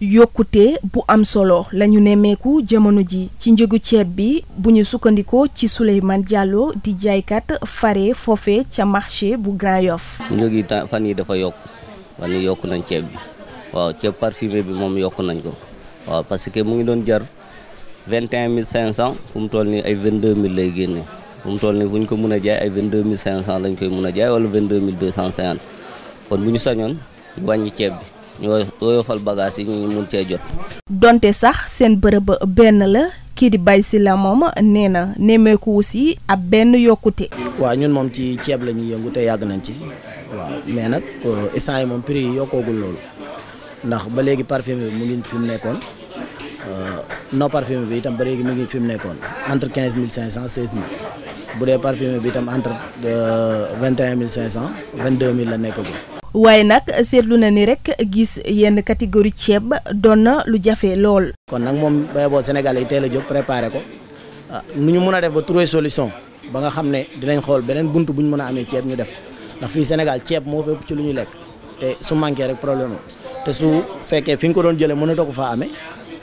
yokkute bu am solo lañu nemmeeku jamono ji ci njëgu ceeb bi bu ñu sukkandikoo ci Souleymane Diallo di jaaykat fare foofe ca marché bu Grand Yoff njëg yi fan yi dafa yokk fan yi yokk nañ ceeb bi waaw ceeb parfumé bi moom yokk nañ ko waaw parce que mu ngi doon jar vingt mille cinq cent fu mu toll nii ay vingt deux mille lay génne bu mu toll nii bu ñu ko mun a jaay ay 22500 lañ koy mën a jaay wala 22250 kon bu ñu sañoon ñu wàññi ceeb bi. ñoo yofal bagage yi ñu mun cee jot. donte sax seen bërëb benn la kii di bay si la moom nee na nemmeeku si ab benn yokkute. waa ñun moom ci ceeb la ñuy yëngu te yàgg nañ ci waaw mais nag euh, instant moom prix yi yokkoogul loolu ndax ba léegi parfum bi mu ngi fi mu nekkoon euh, non parfum bi tam ba léegi mu ngi fi mu nekkoon entre mille cinq cent seize bu dee parfumé bi itam entre euh, vingt et mille cinq cent vingt deux mille la nekkagul. waaye nag seetlu na ni rek gis yenn catégorie ceeb doon na lu jafe lool. kon nag moom bay boo Sénégal yi teel a jóg préparé ko ah, nu ñu mën a def ba trouver solution ba nga xam ne dinañ xool beneen bunt bu ñu mën a amee ceeb ñu def ndax fii Sénégal ceeb moo fépp ci lu ñu lekk te su manqué rek problème te su fekkee fi nga ko doon jëlee a ko faa amee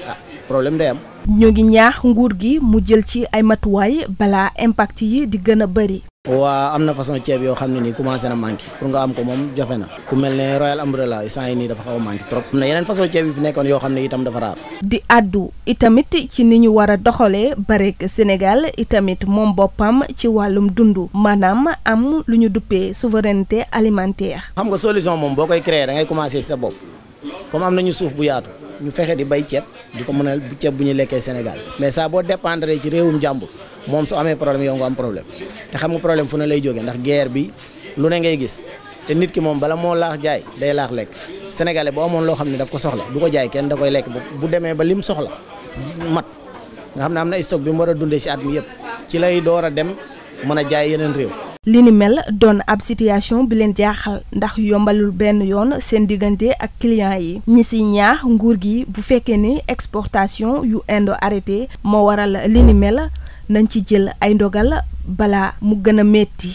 ah, problème day am. ñoo ngi ñaax nguur gi mu jël ci ay matuwaay balaa impact yi di gën a bëri. waa am na façon ceeb yoo xam ne nii commencé na manqué pour nga am ko moom jafe na ku mel ne Royal Umbrella instant yi nii dafa xaw a manqué trop na yeneen façon ceeb yi fi nekkoon yoo xam ne itam dafa raar di àddu itamit ci ni ñu war a doxalee bareek Sénégal itamit moom boppam ci wàllum dund maanaam am lu ñu duppee souveraineté alimentaire xam nga solution moom boo koy créer da ngay commencé sa bopp am nañu suuf bu yaatu ñu fexe di bay ceeb di ko mën a ceeb bu ñu lekkee Sénégal mais saa boo dépendre ci réewum jàmbur moom soo amee problème yow nga am problème te xam nga problème fu ne lay jógee ndax guerre bi lu ne ngay gis te nit ki moom bala moo laax jaay day laax lekk sénégalais boo amoon loo xam ne daf ko soxla du ko jaay kenn da koy lekk bu demee ba lim soxla mat nga xam ne am na stock bi mu war a dundee si at mi yëpp ci lay door a dem mën a jaay yeneen réew. li doon ab situation bi leen jaaxal ndax yombalul benn yoon seen diggante ak client yi ñi si ñaax nguur gi bu fekkee ni exportation yu indo arrêté moo waral li mel nañ ci jël ay ndogal bala mu gën a metti